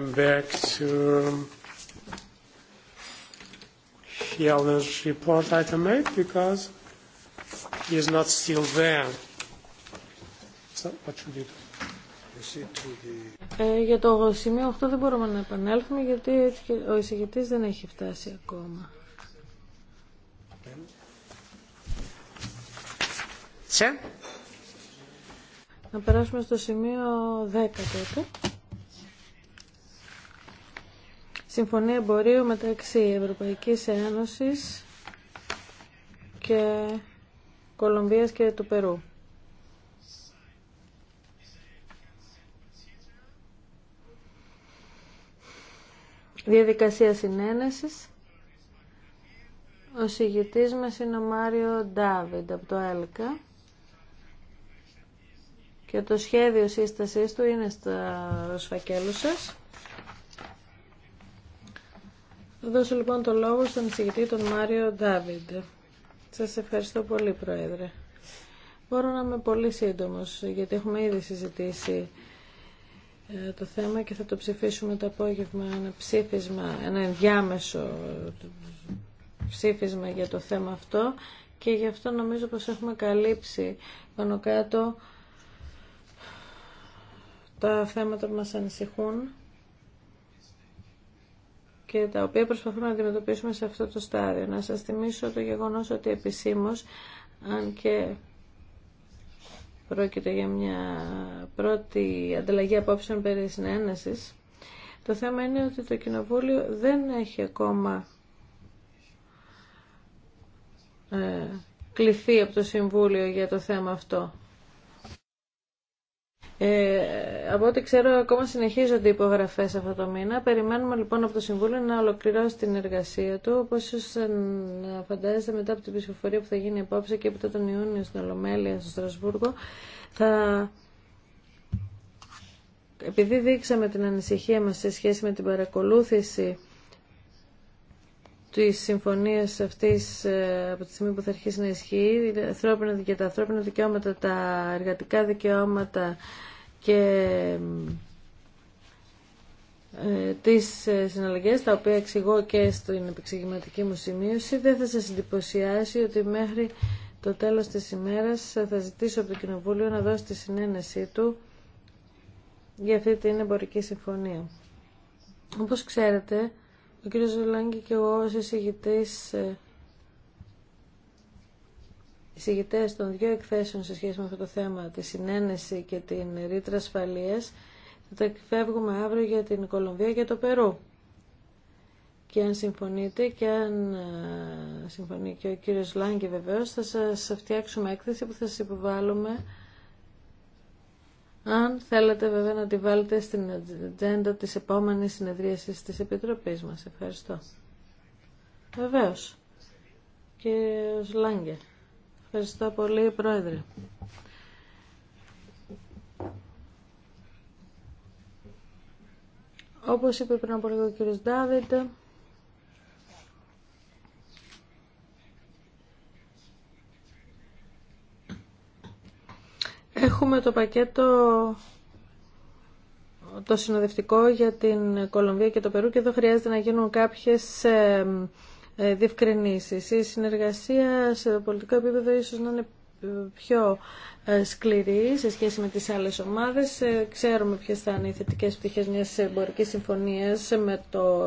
come back to Helen's report item 8 because he is not still there. So what should we do? Ε, για το σημείο 8 δεν μπορούμε να επανέλθουμε γιατί ο εισηγητής δεν έχει φτάσει ακόμα. Σε. Να περάσουμε στο σημείο 10 τότε. Συμφωνία Εμπορίου μεταξύ Ευρωπαϊκής Ένωσης και Κολομβίας και του Περού. Διαδικασία συνένεσης. Ο συγητής μας είναι ο Μάριο Ντάβιντ από το ΕΛΚΑ και το σχέδιο σύστασής του είναι στα σφακέλους σας. Θα δώσω λοιπόν το λόγο στον εισηγητή τον Μάριο Ντάβιντ. Σας ευχαριστώ πολύ Πρόεδρε. Μπορώ να είμαι πολύ σύντομος γιατί έχουμε ήδη συζητήσει ε, το θέμα και θα το ψηφίσουμε το απόγευμα ένα ψήφισμα, ένα ενδιάμεσο ψήφισμα για το θέμα αυτό και γι' αυτό νομίζω πως έχουμε καλύψει πάνω κάτω τα θέματα που μας ανησυχούν και τα οποία προσπαθούμε να αντιμετωπίσουμε σε αυτό το στάδιο. Να σας θυμίσω το γεγονός ότι επισήμως, αν και πρόκειται για μια πρώτη ανταλλαγή απόψεων περί συνένεσης, το θέμα είναι ότι το Κοινοβούλιο δεν έχει ακόμα ε, κληθεί από το Συμβούλιο για το θέμα αυτό. Ε, από ό,τι ξέρω ακόμα συνεχίζονται οι υπογραφές αυτό το μήνα. Περιμένουμε λοιπόν από το Συμβούλιο να ολοκληρώσει την εργασία του, όπω ίσω φαντάζεστε μετά από την ψηφοφορία που θα γίνει απόψε και από τον Ιούνιο στην Ολομέλεια, στο Στρασβούργο, θα... Επειδή δείξαμε την ανησυχία μας σε σχέση με την παρακολούθηση τη συμφωνία αυτή ε, από τη στιγμή που θα αρχίσει να ισχύει, για δηλαδή τα ανθρώπινα δικαιώματα, τα εργατικά δικαιώματα και ε, τις ε, συναλλαγές τα οποία εξηγώ και στην επεξηγηματική μου σημείωση δεν θα σας εντυπωσιάσει ότι μέχρι το τέλος της ημέρας θα ζητήσω από το Κοινοβούλιο να δώσει τη συνένεσή του για αυτή την εμπορική συμφωνία. Όπως ξέρετε ο κ. Ζολάνγκη και εγώ ως εισηγητής ε, εισηγητές των δύο εκθέσεων σε σχέση με αυτό το θέμα, τη συνένεση και την ρήτρα ασφαλεία, θα τα εκφεύγουμε αύριο για την Κολομβία και το Περού. Και αν συμφωνείτε και αν ε, συμφωνεί και ο κύριος Λάγκη βεβαίως, θα σας φτιάξουμε έκθεση που θα σας υποβάλουμε αν θέλετε βέβαια να τη βάλετε στην ατζέντα της επόμενης συνεδρίασης της Επιτροπής μας. Ευχαριστώ. Βεβαίως. Κύριος Λάγκε. Ευχαριστώ πολύ, Πρόεδρε. Όπως είπε πριν από λίγο ο κύριος Ντάβιντ... Έχουμε το πακέτο το συνοδευτικό για την Κολομβία και το Περού και εδώ χρειάζεται να γίνουν κάποιες ε, διευκρινήσεις. Η συνεργασία σε πολιτικό επίπεδο ίσως να είναι ε, πιο ε, σκληρή σε σχέση με τις άλλες ομάδες. Ξέρουμε ποιες θα είναι οι θετικές πτυχές μιας εμπορικής συμφωνίας με το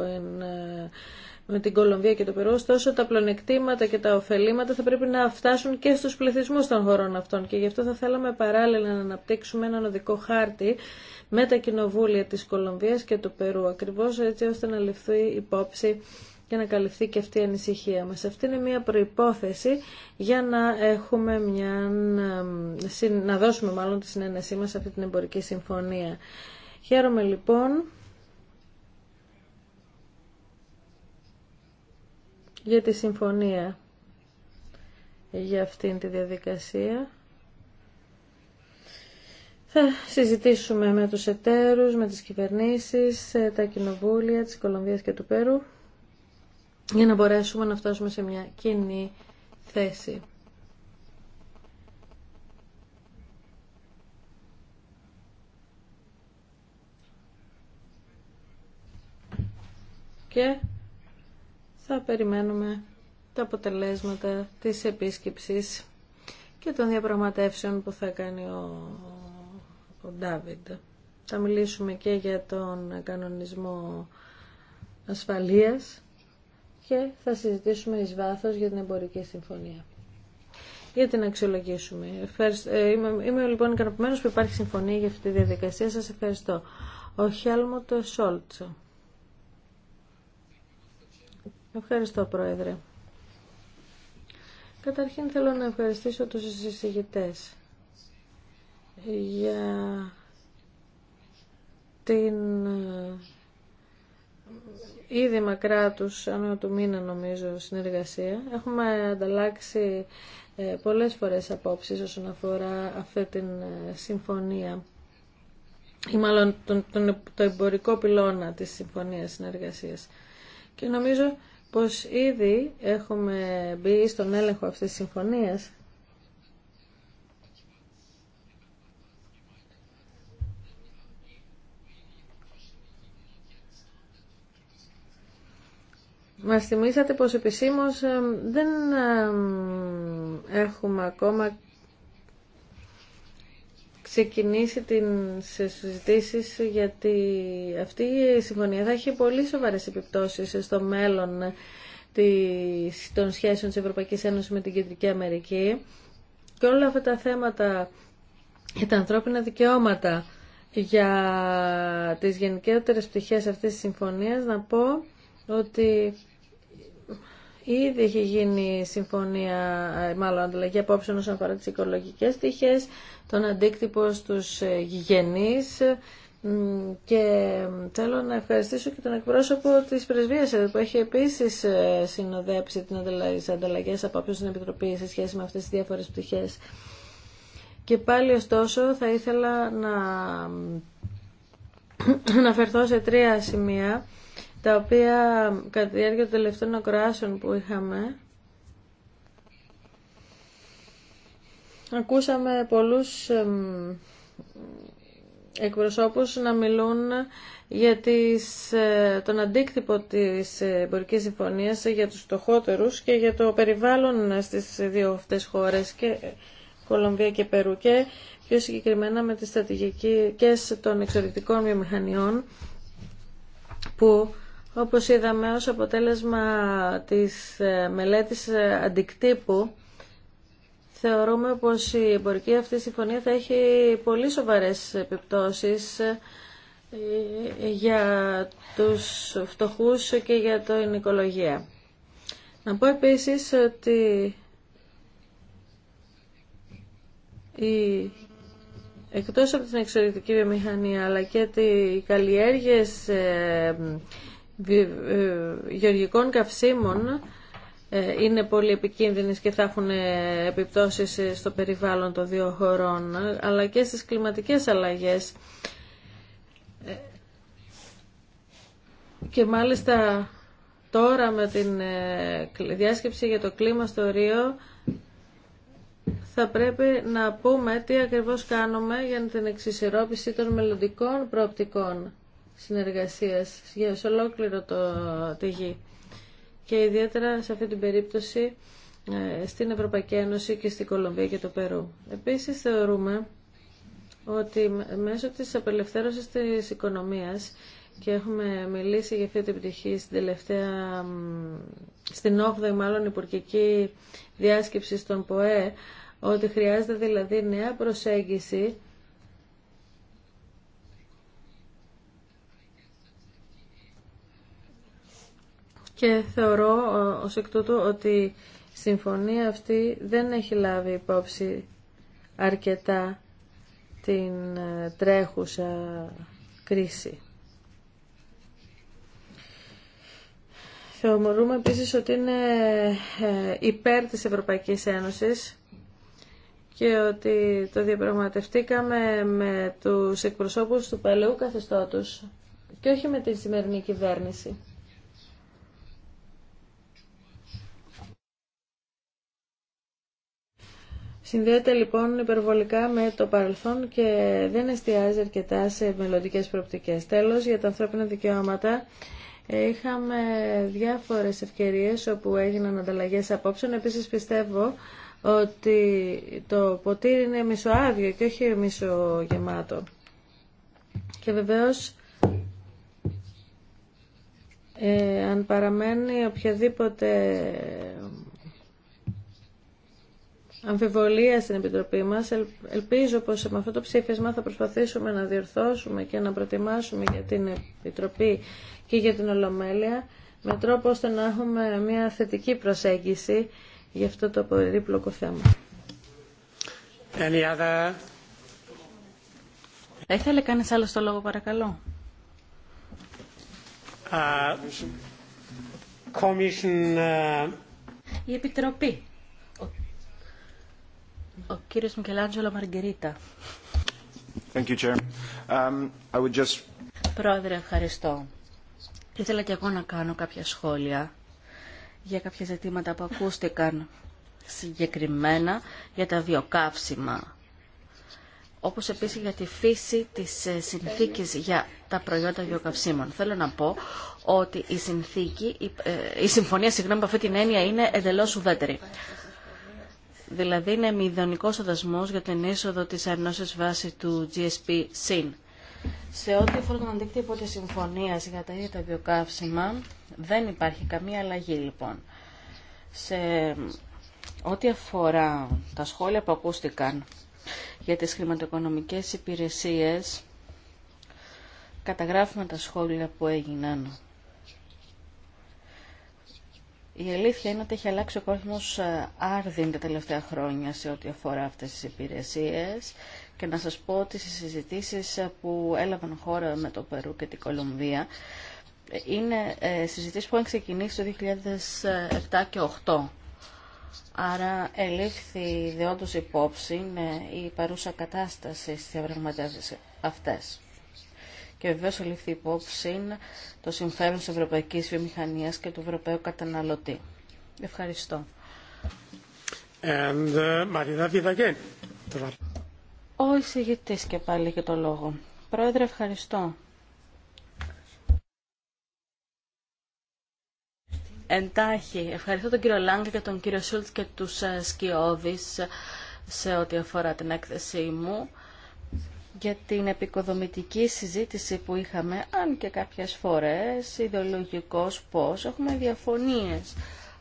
με την Κολομβία και το Περού, ωστόσο τα πλονεκτήματα και τα ωφελήματα θα πρέπει να φτάσουν και στους πληθυσμούς των χωρών αυτών και γι' αυτό θα θέλαμε παράλληλα να αναπτύξουμε έναν οδικό χάρτη με τα κοινοβούλια της Κολομβίας και του Περού, ακριβώς έτσι ώστε να ληφθεί υπόψη και να καλυφθεί και αυτή η ανησυχία μας. Αυτή είναι μια προϋπόθεση για να έχουμε μια, να δώσουμε μάλλον τη συνένεσή μας σε αυτή την εμπορική συμφωνία. Χαίρομαι λοιπόν για τη συμφωνία για αυτήν τη διαδικασία. Θα συζητήσουμε με τους εταίρους, με τις κυβερνήσεις, ε, τα κοινοβούλια της Κολομβίας και του Πέρου για να μπορέσουμε να φτάσουμε σε μια κοινή θέση. Και θα περιμένουμε τα αποτελέσματα της επίσκεψης και των διαπραγματεύσεων που θα κάνει ο, ο Ντάβιντ. Θα μιλήσουμε και για τον κανονισμό ασφαλείας και θα συζητήσουμε εις βάθος για την εμπορική συμφωνία. Για την αξιολογήσουμε. Ε, είμαι, λοιπόν ικανοποιημένος που υπάρχει συμφωνία για αυτή τη διαδικασία. Σας ευχαριστώ. Ο Σόλτσο. Ευχαριστώ, Πρόεδρε. Καταρχήν θέλω να ευχαριστήσω τους συζητητές για την ε, ήδη μακρά τους, ανά του μήνα νομίζω, συνεργασία. Έχουμε ανταλλάξει ε, πολλές φορές απόψεις όσον αφορά αυτή την ε, συμφωνία ή μάλλον τον, το εμπορικό πυλώνα της συμφωνίας συνεργασίας. Και νομίζω πως ήδη έχουμε μπει στον έλεγχο αυτής της συμφωνίας Μα θυμήσατε πως επισήμως δεν έχουμε ακόμα ξεκινήσει τις συζητήσεις γιατί αυτή η συμφωνία θα έχει πολύ σοβαρές επιπτώσεις στο μέλλον των σχέσεων της Ευρωπαϊκής Ένωσης με την Κεντρική Αμερική και όλα αυτά τα θέματα για τα ανθρώπινα δικαιώματα για τις γενικότερες πτυχές αυτής της συμφωνίας να πω ότι Ήδη έχει γίνει συμφωνία, ε, μάλλον ανταλλαγή απόψεων όσον αφορά τι οικολογικέ τυχέ, τον αντίκτυπο στου ε, γηγενεί, και θέλω να ευχαριστήσω και τον εκπρόσωπο της Πρεσβείας που έχει επίσης ε, συνοδέψει τις ανταλλαγές απόψεων στην Επιτροπή σε σχέση με αυτές τις διάφορες πτυχε. Και πάλι ωστόσο θα ήθελα να αναφερθώ σε τρία σημεία τα οποία κατά τη διάρκεια των τελευταίων ακροάσεων που είχαμε ακούσαμε πολλούς εκπροσώπους να μιλούν για τις, ε, τον αντίκτυπο της εμπορικής συμφωνίας για τους στοχότερους και για το περιβάλλον στις δύο αυτές χώρες και ε, Κολομβία και Περού και πιο συγκεκριμένα με τις στρατηγικές των εξορυκτικών βιομηχανιών που όπως είδαμε ως αποτέλεσμα της ε, μελέτης ε, αντικτύπου, θεωρούμε πως η εμπορική αυτή συμφωνία θα έχει πολύ σοβαρές επιπτώσεις ε, για τους φτωχούς και για την οικολογία. Να πω επίσης ότι η εκτός από την εξωτερική βιομηχανία αλλά και οι καλλιέργειες ε, γεωργικών καυσίμων ε, είναι πολύ επικίνδυνες και θα έχουν ε, επιπτώσεις στο περιβάλλον των δύο χωρών, αλλά και στις κλιματικές αλλαγές. Και μάλιστα τώρα με την διάσκεψη για το κλίμα στο Ρίο θα πρέπει να πούμε τι ακριβώς κάνουμε για την εξισορρόπηση των μελλοντικών προοπτικών συνεργασίας σε ολόκληρο το, το γη. Και ιδιαίτερα σε αυτή την περίπτωση ε, στην Ευρωπαϊκή Ένωση και στην Κολομβία και το Περού. Επίσης θεωρούμε ότι μέσω της απελευθέρωσης της οικονομίας και έχουμε μιλήσει για αυτή την πτυχή στην τελευταία, στην 8η μάλλον υπουργική διάσκεψη στον ΠΟΕ, ότι χρειάζεται δηλαδή νέα προσέγγιση και θεωρώ ως εκ τούτου ότι η συμφωνία αυτή δεν έχει λάβει υπόψη αρκετά την ε, τρέχουσα κρίση. Θεωρούμε επίσης ότι είναι ε, υπέρ της Ευρωπαϊκής Ένωσης και ότι το διαπραγματευτήκαμε με τους εκπροσώπους του παλαιού καθεστώτος και όχι με την σημερινή κυβέρνηση. Συνδέεται λοιπόν υπερβολικά με το παρελθόν και δεν εστιάζει αρκετά σε μελλοντικέ προοπτικέ. Τέλο για τα ανθρώπινα δικαιώματα, ε, είχαμε διάφορες ευκαιρίες όπου έγιναν ανταλλαγέ απόψεων. Επίση πιστεύω ότι το ποτήρι είναι μισοάδιο και όχι μισογεμάτο. Και βεβαίως, ε, αν παραμένει οποιαδήποτε αμφιβολία στην Επιτροπή μας. ελπίζω πως με αυτό το ψήφισμα θα προσπαθήσουμε να διορθώσουμε και να προετοιμάσουμε για την Επιτροπή και για την Ολομέλεια με τρόπο ώστε να έχουμε μια θετική προσέγγιση για αυτό το περίπλοκο θέμα. Θα ήθελε κανείς άλλο το λόγο παρακαλώ. Uh, commission, uh, Η Επιτροπή. Ο κύριος Μικελάντζολο Μαργκερίτα. Thank um, Πρόεδρε, ευχαριστώ. Ήθελα και εγώ να κάνω κάποια σχόλια για κάποια ζητήματα που ακούστηκαν συγκεκριμένα για τα βιοκαύσιμα όπως επίσης για τη φύση της ε, συνθήκης για τα προϊόντα βιοκαυσίμων. Θέλω να πω ότι η, συνθήκη, η, ε, συμφωνία συγγνώμη, από αυτή την έννοια είναι εντελώς ουδέτερη. Δηλαδή είναι μηδονικό ο για την είσοδο της αρνώσης βάση του GSP συν. Σε ό,τι αφορά τον αντίκτυπο τη Συμφωνία για τα ίδια τα βιοκαύσιμα, δεν υπάρχει καμία αλλαγή λοιπόν. Σε ό,τι αφορά τα σχόλια που ακούστηκαν για τις χρηματοοικονομικές υπηρεσίες, καταγράφουμε τα σχόλια που έγιναν η αλήθεια είναι ότι έχει αλλάξει ο κόσμος ε, άρδιν τα τελευταία χρόνια σε ό,τι αφορά αυτές τις υπηρεσίε και να σα πω ότι στι συζητήσεις ε, που έλαβαν χώρα με το Περού και την Κολομβία είναι ε, συζητήσεις που έχουν ξεκινήσει το 2007 και 2008. Άρα ελήφθη δεόντως υπόψη η παρούσα κατάσταση στι διαπραγματεύσει αυτές και βεβαίως ελήφθη υπόψη το συμφέρον της ευρωπαϊκής βιομηχανίας και του ευρωπαίου καταναλωτή. Ευχαριστώ. And, uh, Ο εισηγητής και πάλι για το λόγο. Πρόεδρε, ευχαριστώ. Εντάχει, ευχαριστώ τον κύριο Λάγκα και τον κύριο Σούλτ και τους ε, σκιώδεις σε ό,τι αφορά την έκθεσή μου για την επικοδομητική συζήτηση που είχαμε, αν και κάποιες φορές ιδεολογικός πώς έχουμε διαφωνίες.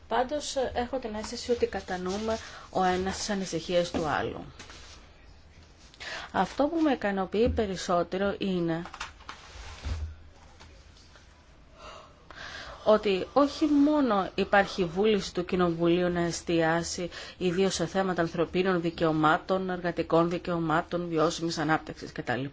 Πάντως έχω την αίσθηση ότι κατανοούμε ο ένας τις ανησυχίες του άλλου. Αυτό που με ικανοποιεί περισσότερο είναι ότι όχι μόνο υπάρχει βούληση του Κοινοβουλίου να εστιάσει ιδίω σε θέματα ανθρωπίνων δικαιωμάτων, εργατικών δικαιωμάτων, βιώσιμης ανάπτυξης κτλ.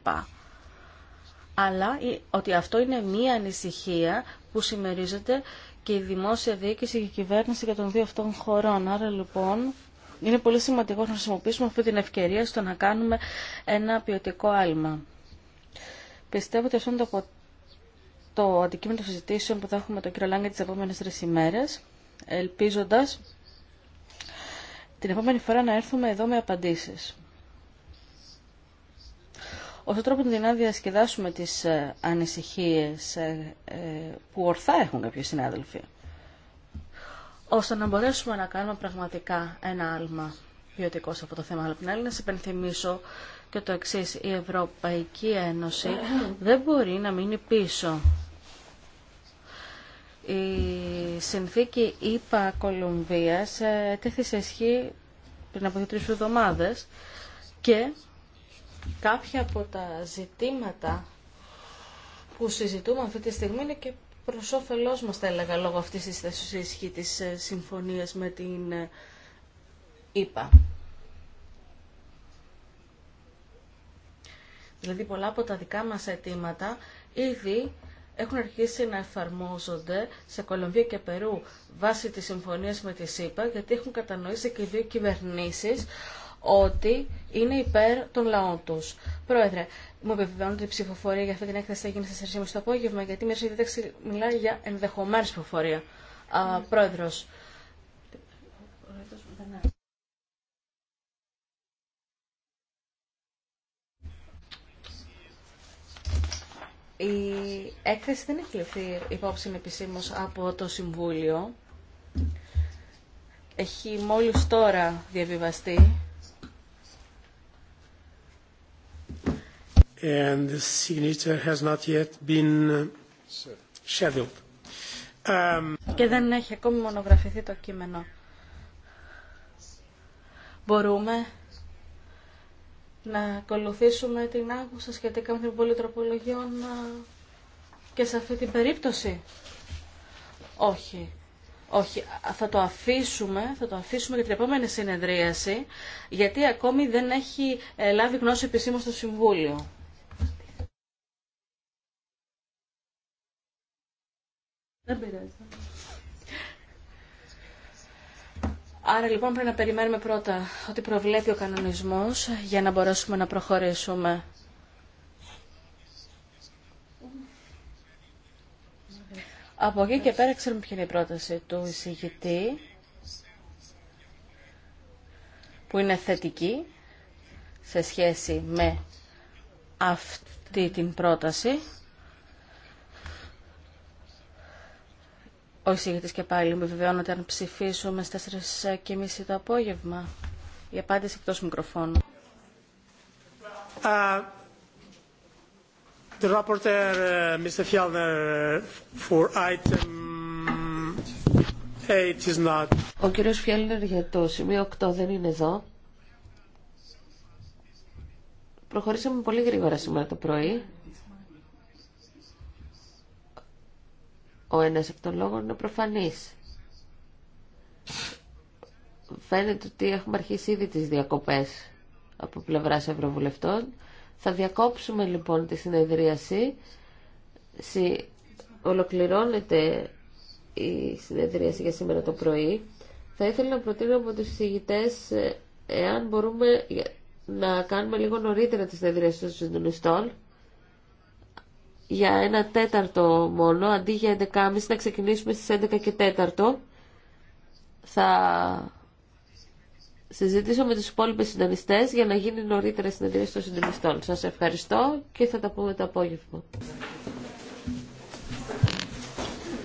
Αλλά ότι αυτό είναι μία ανησυχία που συμμερίζεται και η δημόσια διοίκηση και η κυβέρνηση για των δύο αυτών χωρών. Άρα λοιπόν είναι πολύ σημαντικό να χρησιμοποιήσουμε αυτή την ευκαιρία στο να κάνουμε ένα ποιοτικό άλμα. Πιστεύω ότι αυτό είναι το το αντικείμενο των συζητήσεων που θα έχουμε τον κύριο Λάγκα τις επόμενες τρεις ημέρες, ελπίζοντας την επόμενη φορά να έρθουμε εδώ με απαντήσεις. Όσο τρόπο να διασκεδάσουμε τις ε, ανησυχίες ε, ε, που ορθά έχουν κάποιοι συνάδελφοι, ώστε να μπορέσουμε να κάνουμε πραγματικά ένα άλμα ποιοτικό σε αυτό το θέμα. Αλλά την άλλη να σε υπενθυμίσω και το εξής, η Ευρωπαϊκή Ένωση δεν μπορεί να μείνει πίσω η συνθήκη ΙΠΑ Κολομβίας ε, τέθη σε ισχύ πριν από τρεις εβδομάδες και κάποια από τα ζητήματα που συζητούμε αυτή τη στιγμή είναι και προς όφελός μας, θα έλεγα, λόγω αυτή της θέσης ισχύ της ε, συμφωνίας με την ΕΠΑ. Δηλαδή πολλά από τα δικά μας αιτήματα ήδη έχουν αρχίσει να εφαρμόζονται σε Κολομβία και Περού βάσει της συμφωνίας με τη ΣΥΠΑ, γιατί έχουν κατανοήσει και οι δύο κυβερνήσεις ότι είναι υπέρ των λαών του. Πρόεδρε, μου επιβεβαιώνουν ότι η ψηφοφορία για αυτή την έκθεση θα γίνει στι 4.30 το απόγευμα, γιατί η Μερσή μιλάει για ενδεχομένη ψηφοφορία. Πρόεδρο, Η έκθεση δεν έχει ληφθεί υπόψη επισήμως από το Συμβούλιο. Έχει μόλις τώρα διαβιβαστεί. And uh, um, Και δεν έχει ακόμη μονογραφηθεί το κείμενο. Μπορούμε να ακολουθήσουμε την άγουσα σχετικά με την πολυτροπολογιών και σε αυτή την περίπτωση. Όχι. Όχι, θα το αφήσουμε, θα το αφήσουμε για την επόμενη συνεδρίαση, γιατί ακόμη δεν έχει ε, λάβει γνώση επισήμως στο Συμβούλιο. Δεν Άρα λοιπόν πρέπει να περιμένουμε πρώτα ότι προβλέπει ο κανονισμός για να μπορέσουμε να προχωρήσουμε. Από εκεί και πέρα ξέρουμε ποια είναι η πρόταση του εισηγητή που είναι θετική σε σχέση με αυτή την πρόταση. Ο εισηγητή και πάλι μου βεβαιώνει ότι αν ψηφίσουμε στις 4.30 το απόγευμα. Η απάντηση εκτό μικροφώνου. Uh, the uh, Mr. for item Ο κύριος Φιέλνερ για το σημείο 8 δεν είναι εδώ. Προχωρήσαμε πολύ γρήγορα σήμερα το πρωί. Ο ένας εκ των λόγο είναι προφανής. Φαίνεται ότι έχουμε αρχίσει ήδη τις διακοπές από πλευράς Ευρωβουλευτών. Θα διακόψουμε λοιπόν τη συνεδρίαση. Ολοκληρώνεται η συνεδρίαση για σήμερα το πρωί. Θα ήθελα να προτείνω από τους συζητητές ε, εάν μπορούμε να κάνουμε λίγο νωρίτερα τη συνεδρίαση των συντονιστών για ένα τέταρτο μόνο, αντί για 11.30 να ξεκινήσουμε στις 11 και τέταρτο, Θα συζητήσω με τους υπόλοιπους συντονιστές για να γίνει νωρίτερα συνεδρίαση των συντονιστών. Σας ευχαριστώ και θα τα πούμε το απόγευμα.